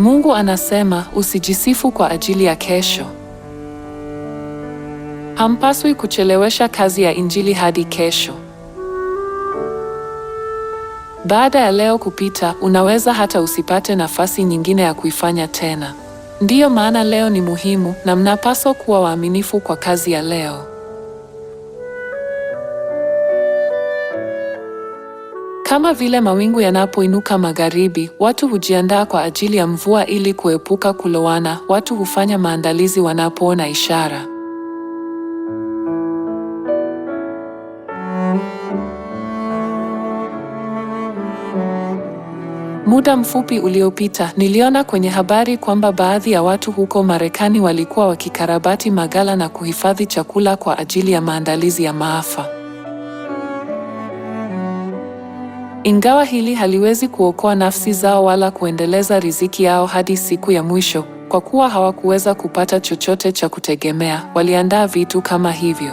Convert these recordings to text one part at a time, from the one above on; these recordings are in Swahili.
Mungu anasema usijisifu kwa ajili ya kesho. Hampaswi kuchelewesha kazi ya Injili hadi kesho. Baada ya leo kupita, unaweza hata usipate nafasi nyingine ya kuifanya tena. Ndiyo maana leo ni muhimu na mnapaswa kuwa waaminifu kwa kazi ya leo. Kama vile mawingu yanapoinuka magharibi, watu hujiandaa kwa ajili ya mvua ili kuepuka kulowana. Watu hufanya maandalizi wanapoona ishara. Muda mfupi uliopita niliona kwenye habari kwamba baadhi ya watu huko Marekani walikuwa wakikarabati magala na kuhifadhi chakula kwa ajili ya maandalizi ya maafa. Ingawa hili haliwezi kuokoa nafsi zao wala kuendeleza riziki yao hadi siku ya mwisho, kwa kuwa hawakuweza kupata chochote cha kutegemea, waliandaa vitu kama hivyo.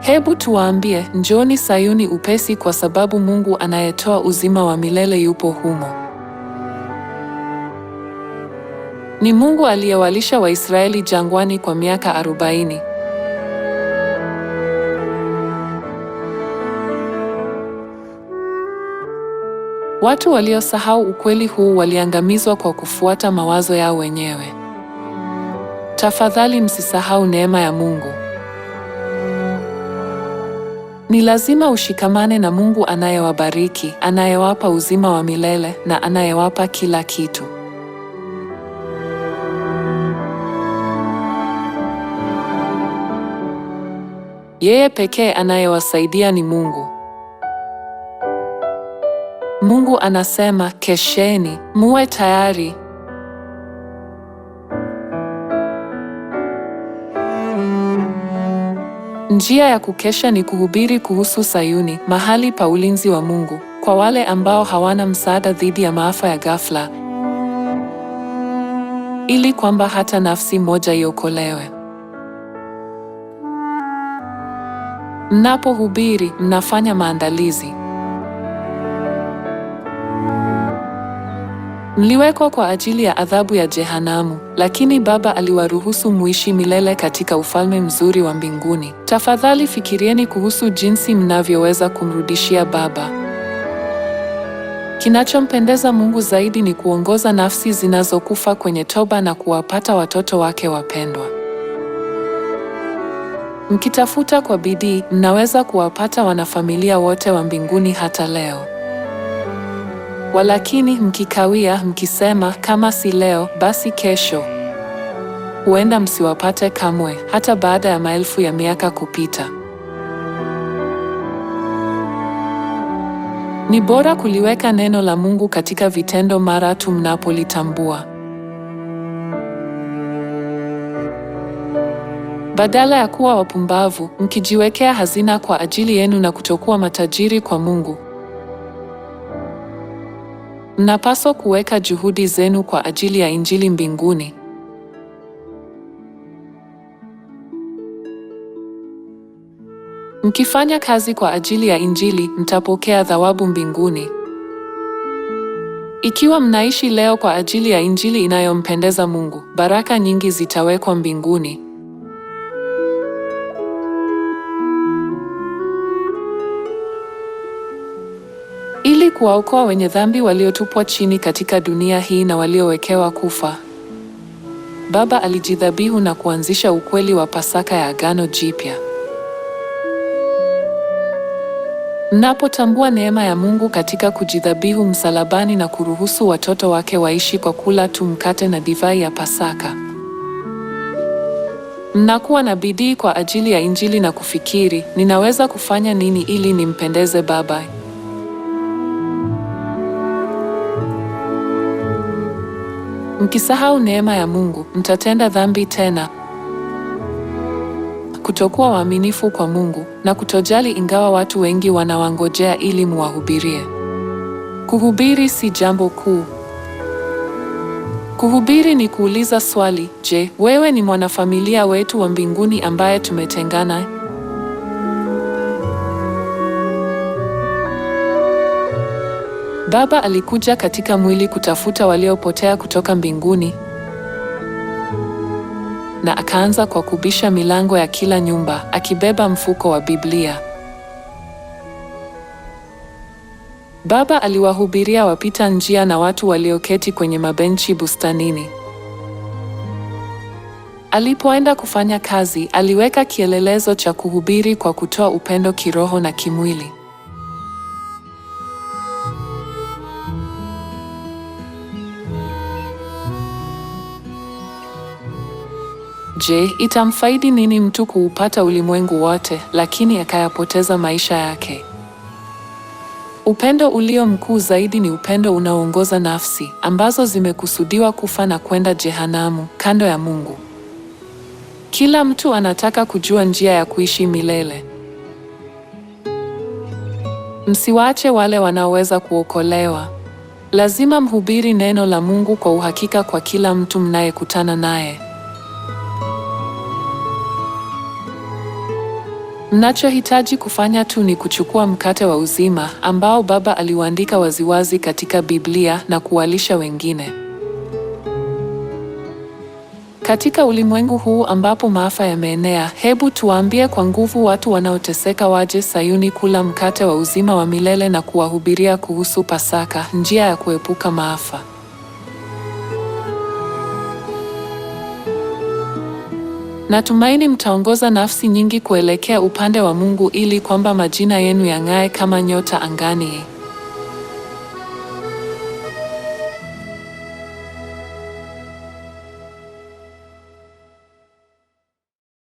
Hebu tuwaambie, njoni Sayuni upesi kwa sababu Mungu anayetoa uzima wa milele yupo humo. Ni Mungu aliyewalisha Waisraeli jangwani kwa miaka arobaini. Watu waliosahau ukweli huu waliangamizwa kwa kufuata mawazo yao wenyewe. Tafadhali msisahau neema ya Mungu. Ni lazima ushikamane na Mungu anayewabariki, anayewapa uzima wa milele na anayewapa kila kitu. Yeye pekee anayewasaidia ni Mungu. Mungu anasema kesheni, muwe tayari. Njia ya kukesha ni kuhubiri kuhusu Sayuni, mahali pa ulinzi wa Mungu, kwa wale ambao hawana msaada dhidi ya maafa ya ghafla, ili kwamba hata nafsi moja iokolewe. Mnapohubiri, mnafanya maandalizi. Mliwekwa kwa ajili ya adhabu ya jehanamu, lakini Baba aliwaruhusu muishi milele katika ufalme mzuri wa mbinguni. Tafadhali fikirieni kuhusu jinsi mnavyoweza kumrudishia Baba. Kinachompendeza Mungu zaidi ni kuongoza nafsi zinazokufa kwenye toba na kuwapata watoto wake wapendwa. Mkitafuta kwa bidii, mnaweza kuwapata wanafamilia wote wa mbinguni hata leo. Walakini mkikawia mkisema, kama si leo basi kesho, huenda msiwapate kamwe, hata baada ya maelfu ya miaka kupita. Ni bora kuliweka neno la Mungu katika vitendo mara tu mnapolitambua. Badala ya kuwa wapumbavu, mkijiwekea hazina kwa ajili yenu na kutokuwa matajiri kwa Mungu, Mnapaswa kuweka juhudi zenu kwa ajili ya Injili mbinguni. Mkifanya kazi kwa ajili ya Injili, mtapokea thawabu mbinguni. Ikiwa mnaishi leo kwa ajili ya Injili inayompendeza Mungu, baraka nyingi zitawekwa mbinguni. ili kuwaokoa wenye dhambi waliotupwa chini katika dunia hii na waliowekewa kufa. Baba alijidhabihu na kuanzisha ukweli wa Pasaka ya Agano Jipya. Mnapotambua neema ya Mungu katika kujidhabihu msalabani na kuruhusu watoto wake waishi kwa kula tu mkate na divai ya Pasaka, mnakuwa na bidii kwa ajili ya Injili na kufikiri, ninaweza kufanya nini ili nimpendeze Baba? Mkisahau neema ya Mungu, mtatenda dhambi tena. Kutokuwa waaminifu kwa Mungu na kutojali, ingawa watu wengi wanawangojea ili muwahubirie. Kuhubiri si jambo kuu. Kuhubiri ni kuuliza swali, je, wewe ni mwanafamilia wetu wa mbinguni ambaye tumetengana? Baba alikuja katika mwili kutafuta waliopotea kutoka mbinguni, na akaanza kwa kubisha milango ya kila nyumba akibeba mfuko wa Biblia. Baba aliwahubiria wapita njia na watu walioketi kwenye mabenchi bustanini. Alipoenda kufanya kazi, aliweka kielelezo cha kuhubiri kwa kutoa upendo kiroho na kimwili. Je, itamfaidi nini mtu kuupata ulimwengu wote lakini akayapoteza maisha yake? Upendo ulio mkuu zaidi ni upendo unaoongoza nafsi ambazo zimekusudiwa kufa na kwenda jehanamu kando ya Mungu. Kila mtu anataka kujua njia ya kuishi milele. Msiwache wale wanaoweza kuokolewa. Lazima mhubiri neno la Mungu kwa uhakika kwa kila mtu mnayekutana naye. Mnachohitaji kufanya tu ni kuchukua mkate wa uzima ambao Baba aliuandika waziwazi katika Biblia na kuwalisha wengine. Katika ulimwengu huu ambapo maafa yameenea, hebu tuwaambie kwa nguvu watu wanaoteseka waje Sayuni kula mkate wa uzima wa milele na kuwahubiria kuhusu Pasaka, njia ya kuepuka maafa. Natumaini mtaongoza nafsi nyingi kuelekea upande wa Mungu ili kwamba majina yenu yang'ae kama nyota angani.